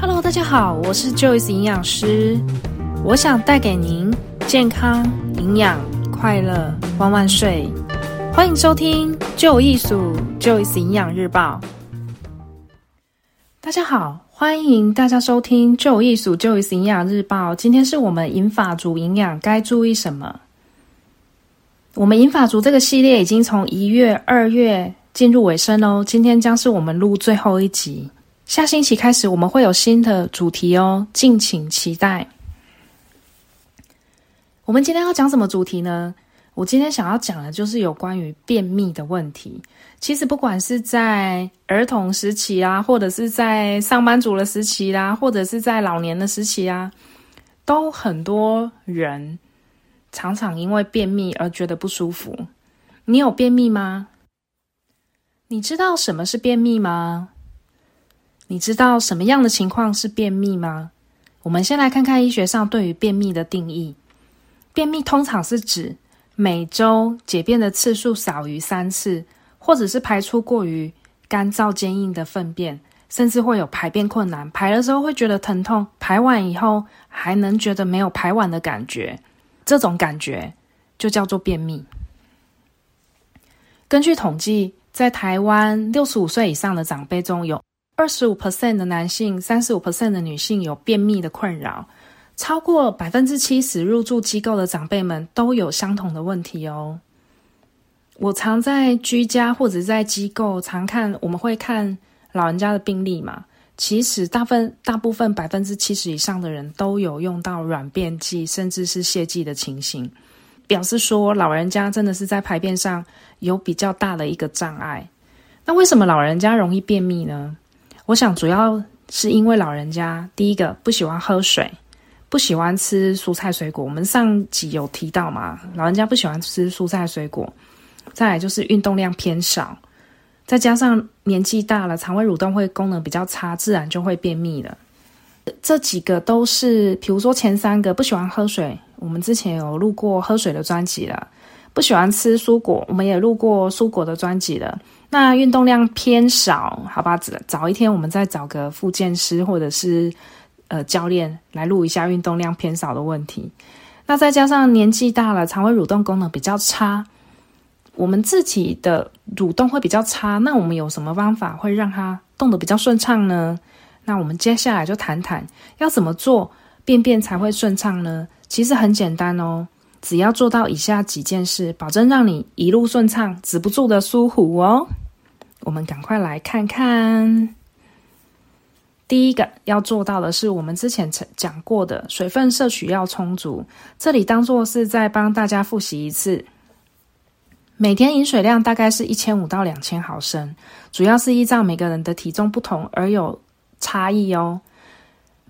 Hello，大家好，我是 Joyce 營養師，我想帶給您健康、營養、快樂、萬萬歲！歡迎收聽 Joyce Joyce 營養日報。大家好，歡迎大家收聽 Joyce Joyce 營養日報。今天是我們銀髮族營養該注意什麼？我們銀髮族這個系列已經從一月、二月進入尾聲嘍，今天將是我們錄最後一集。下星期開始，我們會有新的主題哦，敬請期待。我們今天要講什麼主題呢？我今天想要講的就是有關於便秘的問題。其實，不管是在兒童時期啊，或者是在上班族的時期啦、啊，或者是在老年的時期啊，都很多人常常因為便秘而覺得不舒服。你有便秘嗎？你知道什麼是便秘嗎？你知道什麼樣的情況是便秘嗎？我們先來看看醫學上對於便秘的定義。便秘通常是指每周解便的次數少於三次，或者是排出過於乾燥、堅硬的糞便，甚至會有排便困難，排的時候會覺得疼痛，排完以後還能覺得沒有排完的感覺。這種感覺就叫做便秘。根據統計，在台灣六十五歲以上的長輩中有。二十五 percent 的男性，三十五 percent 的女性有便秘的困擾，超過百分之七十入住機構的長輩們都有相同的問題哦。我常在居家或者在機構常看，我們會看老人家的病歷嘛。其實，大分大部分百分之七十以上的人都有用到軟便劑，甚至是瀉劑的情形，表示說老人家真的是在排便上有比較大的一個障礙。那為什麼老人家容易便秘呢？我想主要是因為老人家，第一個不喜歡喝水，不喜歡吃蔬菜水果。我們上集有提到嘛，老人家不喜歡吃蔬菜水果，再來就是運動量偏少，再加上年紀大了，腸胃蠕動會功能比較差，自然就會便秘了。這幾個都是，比如說前三個不喜歡喝水，我們之前有錄過喝水的專輯了，不喜歡吃蔬果，我們也錄過蔬果的專輯了。那運動量偏少，好吧，早一天我們再找個復健師或者是呃教練來錄一下運動量偏少的問題。那再加上年紀大了，腸胃蠕動功能比較差，我們自己的蠕動會比較差。那我們有什麼方法會讓它動得比較順暢呢？那我們接下來就談談要怎麼做便便才會順暢呢？其實很簡單哦，只要做到以下幾件事，保證讓你一路順暢，止不住的舒服哦。我們趕快來看看，第一個要做到的是我們之前講過的水分攝取要充足，這裡當做是在幫大家複習一次。每天飲水量大概是一千五到兩千毫升，主要是依照每個人的體重不同而有差異哦。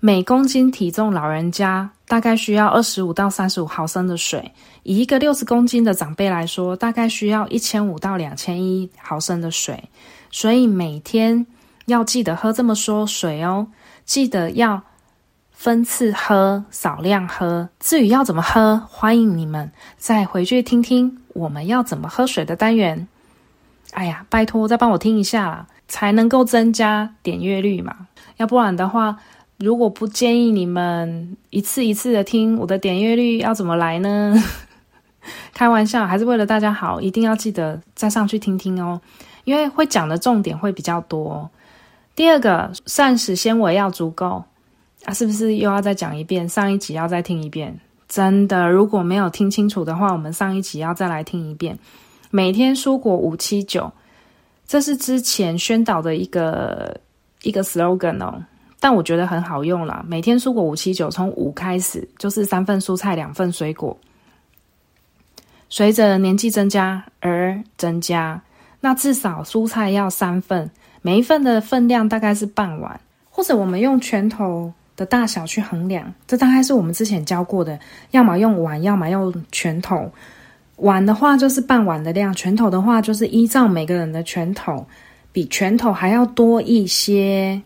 每公斤體重，老人家大概需要二十五到三十五毫升的水。以一個六十公斤的長輩來說，大概需要一千五到兩千一毫升的水。所以每天要記得喝這麼多水哦！記得要分次喝，少量喝。至於要怎麼喝，歡迎你們再回去聽聽我們要怎麼喝水的單元。哎呀，拜托再幫我聽一下啦，才能夠增加點閱率嘛，要不然的話。如果不建議你們一次一次的聽，我的點閱率要怎麼來呢？ 開玩笑，還是為了大家好，一定要記得再上去聽聽哦，因為會講的重點會比較多哦。第二個，膳食纖維要足夠啊，是不是又要再講一遍？上一集要再聽一遍，真的，如果沒有聽清楚的話，我們上一集要再來聽一遍。每天蔬果五七九，這是之前宣導的一個一個 slogan 哦。但我覺得很好用啦。每天蔬果五七九，從五開始就是三份蔬菜，兩份水果。隨着年紀增加而增加，那至少蔬菜要三份，每一份的分量大概是半碗，或者我們用拳頭的大小去衡量。這大概是我們之前教過的，要麼用碗，要麼用拳頭。碗的話就是半碗的量，拳頭的話就是依照每個人的拳頭，比拳頭還要多一些。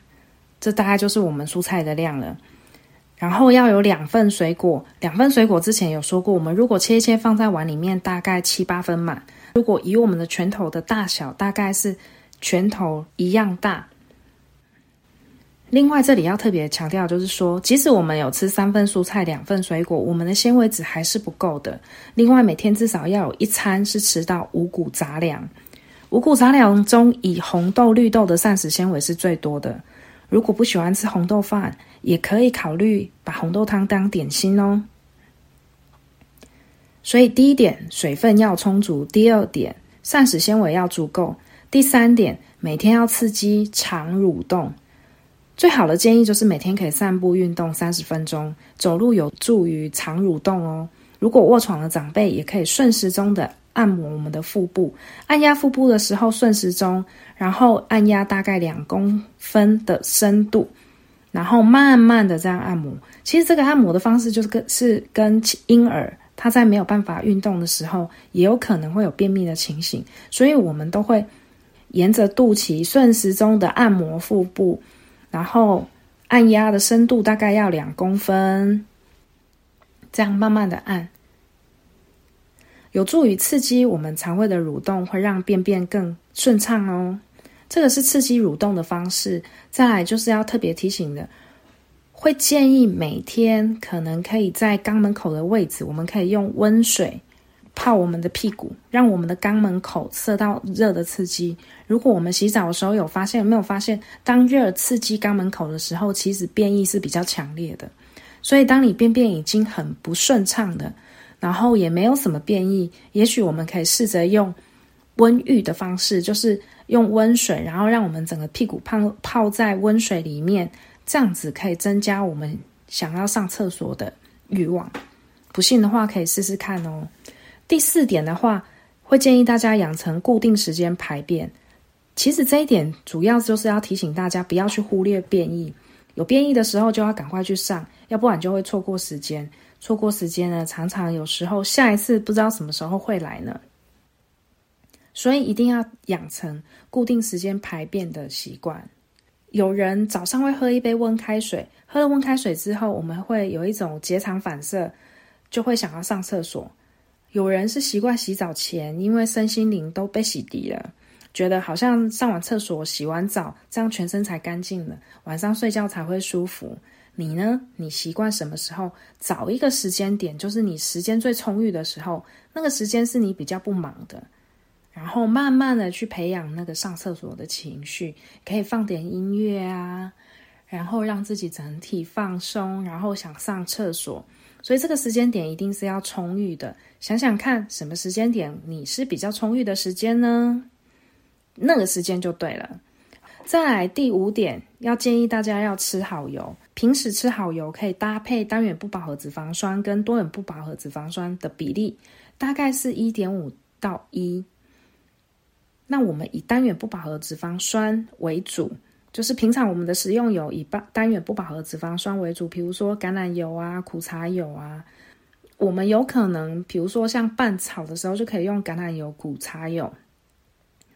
這大概就是我們蔬菜的量了，然後要有兩份水果，兩份水果之前有說過，我們如果切一切放在碗裡面，大概七八分滿。如果以我們的拳頭的大小，大概是拳頭一樣大。另外，這裡要特別強調，就是說，即使我們有吃三份蔬菜、兩份水果，我們的纖維質還是不夠的。另外，每天至少要有一餐是吃到五穀雜糧。五穀雜糧中，以紅豆、綠豆的膳食纖維是最多的。如果不喜歡吃紅豆飯，也可以考慮把紅豆湯當點心哦。所以第一點，水分要充足；第二點，膳食纖維要足夠；第三點，每天要刺激腸蠕動。最好的建議就是每天可以散步運動三十分鐘，走路有助於腸蠕動哦。如果臥床的長輩也可以順時鐘的。按摩我們的腹部，按壓腹部的時候順時鐘，然後按壓大概兩公分的深度，然後慢慢的這樣按摩。其實這個按摩的方式就是跟是跟嬰兒，他在沒有辦法運動的時候，也有可能會有便秘的情形，所以我們都會沿着肚臍順時鐘的按摩腹部，然後按壓的深度大概要兩公分，這樣慢慢的按。有助於刺激我們腸胃的蠕動，會讓便便更順暢哦。這個是刺激蠕動的方式。再來就是要特別提醒的，會建議每天可能可以在肛門口的位置，我們可以用溫水泡我們的屁股，讓我們的肛門口受到熱的刺激。如果我們洗澡的時候有發現，有沒有發現，當熱刺激肛門口的時候，其實便意是比較強烈的。所以當你便便已經很不順暢的。然後也沒有什麼便意，也許我們可以試着用溫浴的方式，就是用溫水，然後讓我們整個屁股泡泡在溫水裡面，這樣子可以增加我們想要上廁所的慾望。不信的話可以試試看哦。第四點的話，會建議大家養成固定時間排便。其實這一點主要就是要提醒大家不要去忽略便意，有便意的時候就要趕快去上，要不然就會錯過時間。錯過時間呢，常常有時候下一次不知道什麼時候會來呢，所以一定要養成固定時間排便的習慣。有人早上會喝一杯溫開水，喝了溫開水之後，我們會有一種結腸反射，就會想要上廁所。有人是習慣洗澡前，因為身心靈都被洗滌了，覺得好像上完廁所、洗完澡，這樣全身才乾淨了，晚上睡覺才會舒服。你呢？你習慣什麼時候找一個時間點，就是你時間最充裕的時候，那個時間是你比較不忙的，然後慢慢的去培養那個上廁所的情緒，可以放點音樂啊，然後讓自己整體放鬆，然後想上廁所。所以這個時間點一定是要充裕的。想想看，什麼時間點你是比較充裕的時間呢？那個時間就對了。再來第五點，要建議大家要吃好油。平時吃好油可以搭配單元不飽和脂肪酸跟多元不飽和脂肪酸的比例，大概是一點五到一。那我們以單元不飽和脂肪酸為主，就是平常我們的食用油以單元不飽和脂肪酸為主，比如說橄欖油啊、苦茶油啊。我們有可能，比如說像拌炒的時候就可以用橄欖油、苦茶油。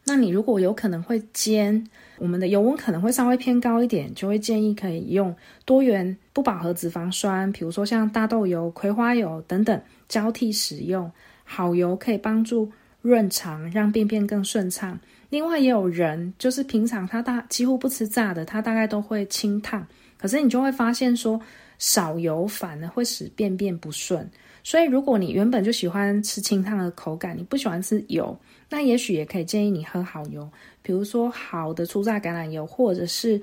那你如果有可能會煎，我們的油溫可能會稍微偏高一點，就會建議可以用多元不飽和脂肪酸，比如說像大豆油、葵花油等等交替使用。好油可以幫助潤腸，讓便便更順暢。另外也有人就是平常他大幾乎不吃炸的，他大概都會清燙。可是你就會發現說，說少油反而會使便便不順。所以如果你原本就喜歡吃清湯的口感，你不喜歡吃油，那也許也可以建議你喝好油，比如說好的初榨橄欖油，或者是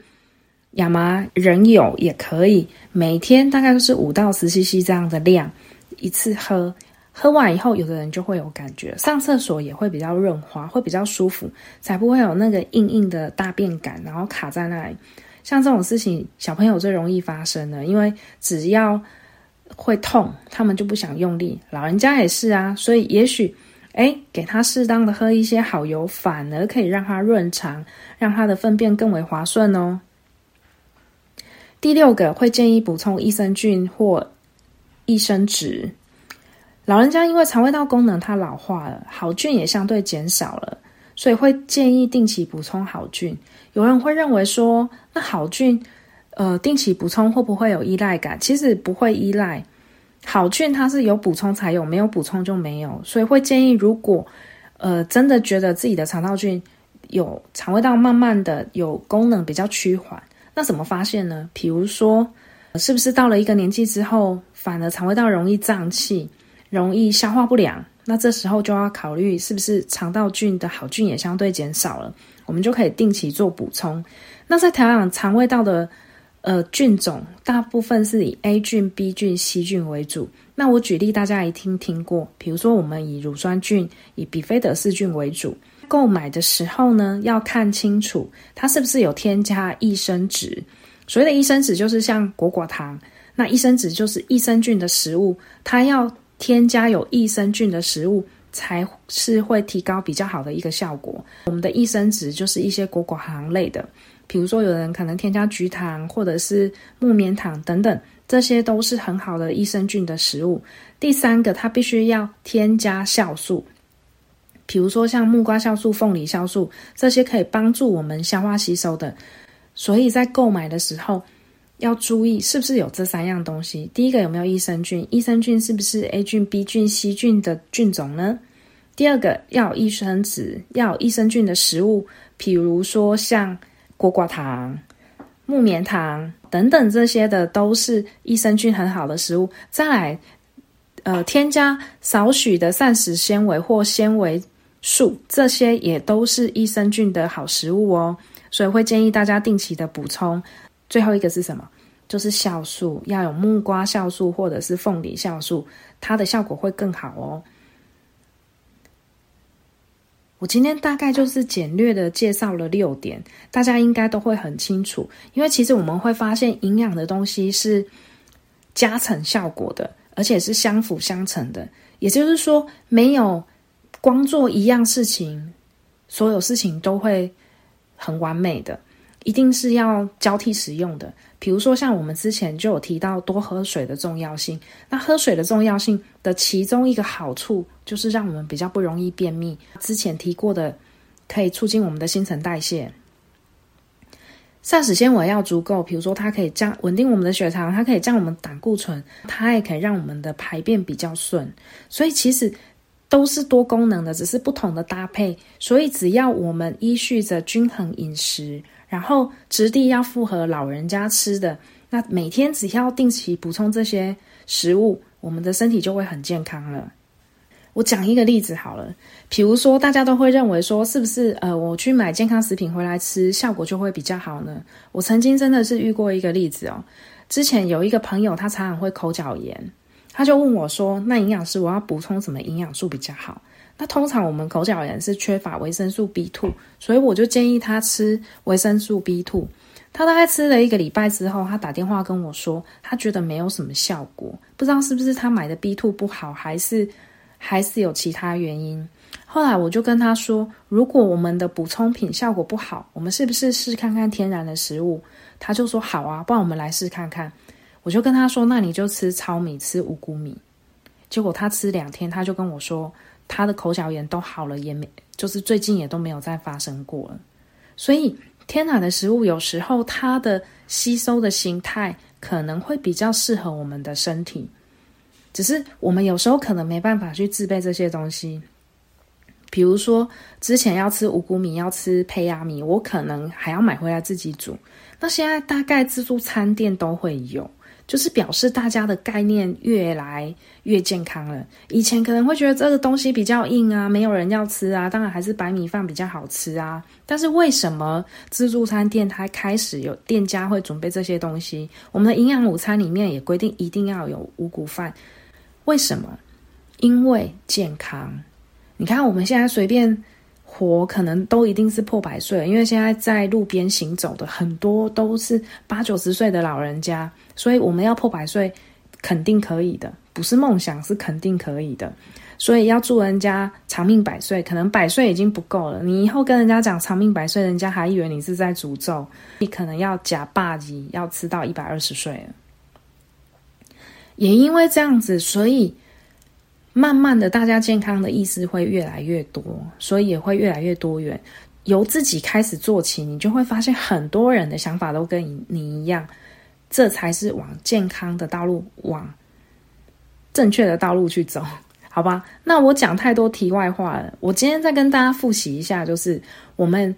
亞麻仁油也可以。每天大概就是五到十 CC 這樣的量，一次喝。喝完以後，有的人就會有感覺，上廁所也會比較潤滑，會比較舒服，才不會有那個硬硬的大便感，然後卡在那裡。像這種事情，小朋友最容易發生了，因為只要會痛，他們就不想用力。老人家也是啊，所以也許，誒，給他適當的喝一些好油，反而可以讓他潤腸，讓他的糞便更為滑順哦。第六個會建議補充益生菌或益生質。老人家因為腸胃道功能它老化了，好菌也相對減少了，所以會建議定期補充好菌。有人會認為說，那好菌，呃，定期補充會不會有依賴感？其實不會依賴，好菌它是有補充才有，沒有補充就沒有，所以會建議，如果，呃，真的覺得自己的腸道菌有腸胃道慢慢的有功能比較趨緩，那怎麼發現呢？比如說，呃，是不是到了一個年紀之後，反而腸胃道容易脹氣？容易消化不良，那這時候就要考慮是不是腸道菌的好菌也相對減少了，我們就可以定期做補充。那在調養腸胃道的呃菌種，大部分是以 A 菌、B 菌、C 菌為主。那我舉例大家也聽聽過，比如說我們以乳酸菌、以比菲德氏菌為主，購買的時候呢，要看清楚它是不是有添加益生質。所謂的益生質就是像果果糖，那益生質就是益生菌的食物，它要。添加有益生菌的食物才是會提高比較好的一個效果。我們的益生質就是一些果寡糖類的，比如說有人可能添加菊糖或者是木棉糖等等，這些都是很好的益生菌的食物。第三個，它必須要添加酵素，比如說像木瓜酵素、鳳梨酵素，這些可以幫助我們消化吸收的。所以在購買的時候。要注意是不是有這三樣東西？第一個有沒有益生菌？益生菌是不是 A 菌、B 菌、C 菌的菌種呢？第二個要有益生質，要有益生菌的食物，比如說像果寡糖、木棉糖等等這些的，都是益生菌很好的食物。再來，呃，添加少許的膳食纖維或纖維素，這些也都是益生菌的好食物哦。所以會建議大家定期的補充。最後一個是什麼？就是酵素，要有木瓜酵素或者是鳳梨酵素，它的效果會更好哦。我今天大概就是簡略的介紹了六點，大家應該都會很清楚。因為其實我們會發現，營養的東西是加成效果的，而且是相輔相成的。也就是說，沒有光做一樣事情，所有事情都會很完美的。一定是要交替使用的。比如說，像我們之前就有提到多喝水的重要性。那喝水的重要性的其中一個好處，就是讓我們比較不容易便秘。之前提過的，可以促進我們的新陳代謝。膳食纖維要足夠，比如說它可以降穩定我們的血糖，它可以降我們的膽固醇，它也可以讓我們的排便比較順。所以其實都是多功能的，只是不同的搭配。所以只要我們依序着均衡飲食。然後質地要符合老人家吃的，那每天只要定期補充這些食物，我們的身體就會很健康了。我講一個例子好了，比如說大家都會認為說，是不是呃我去買健康食品回來吃，效果就會比較好呢？我曾經真的是遇過一個例子哦，之前有一個朋友他常常會口角炎，他就問我說，那營養師，我要補充什麼營養素比較好？那通常我們口角炎是缺乏維生素 B2，所以我就建議他吃維生素 B2。他大概吃了一個禮拜之後，他打電話跟我說，他覺得沒有什麼效果，不知道是不是他買的 B2 不好，還是還是有其他原因。後來我就跟他說，如果我們的補充品效果不好，我們是不是試看看天然的食物？他就說好啊，不然我們來試看看。我就跟他說，那你就吃糙米，吃五穀米。結果他吃兩天，他就跟我說。他的口角炎都好了，也沒就是最近也都沒有再發生過了，所以天然的食物有時候它的吸收的形態可能會比較適合我們的身體，只是我們有時候可能沒辦法去自備這些東西，比如說之前要吃五穀米、要吃胚芽米，我可能還要買回來自己煮，那現在大概自助餐店都會有。就是表示大家的概念越來越健康了。以前可能會覺得這個東西比較硬啊，沒有人要吃啊，當然還是白米飯比較好吃啊。但是為什麼自助餐店它開始有店家會準備這些東西？我們的營養午餐裡面也規定一定要有五穀飯。為什麼？因為健康。你看我們現在隨便。活可能都一定是破百歲，因為現在在路邊行走的很多都是八九十歲的老人家，所以我們要破百歲肯定可以的，不是夢想，是肯定可以的。所以要祝人家長命百歲，可能百歲已經不夠了。你以後跟人家講長命百歲，人家還以為你是在詛咒。你可能要假霸擊，要吃到一百二十歲了。也因為這樣子，所以。慢慢的，大家健康的意識會越來越多，所以也會越來越多元。由自己開始做起，你就會發現很多人的想法都跟你一樣，這才是往健康的道路、往正確的道路去走，好吧？那我講太多題外話了。我今天再跟大家複習一下，就是我們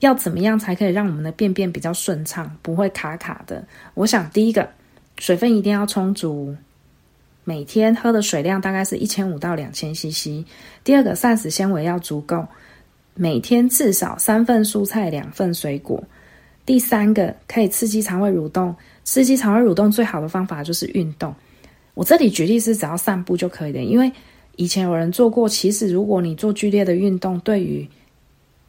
要怎麼樣才可以讓我們的便便比較順暢，不會卡卡的。我想，第一個，水分一定要充足。每天喝的水量大概是一千五到兩千 CC。第二個，膳食纖維要足夠，每天至少三份蔬菜，兩份水果。第三個，可以刺激腸胃蠕動。刺激腸胃蠕動最好的方法就是運動。我這裡舉例是只要散步就可以的，因為以前有人做過。其實，如果你做劇烈的運動，對於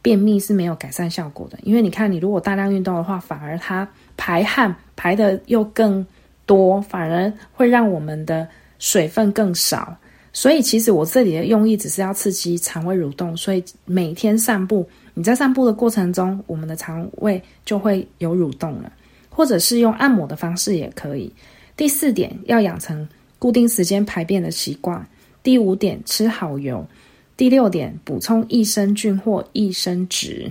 便秘是沒有改善效果的。因為你看，你如果大量運動的話，反而它排汗排得又更多，反而會讓我們的，水分更少，所以其實我這裡的用意只是要刺激腸胃蠕動，所以每天散步，你在散步的過程中，我們的腸胃就會有蠕動了，或者是用按摩的方式也可以。第四點，要養成固定時間排便的習慣。第五點，吃好油。第六點，補充益生菌或益生質。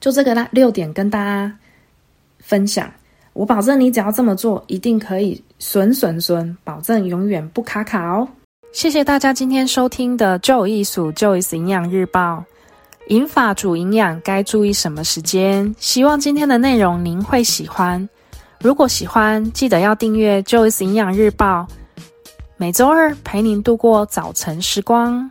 就這個啦，六點跟大家分享。我保證，你只要這麼做，一定可以順順順，保證永遠不卡卡哦！謝謝大家今天收聽的 Joyce 數 Joyce 營養日報，銀髮族營養該注意什麼時間？希望今天的內容您會喜歡。如果喜歡，記得要訂閱 Joyce 營養日報，每周二陪您度過早晨時光。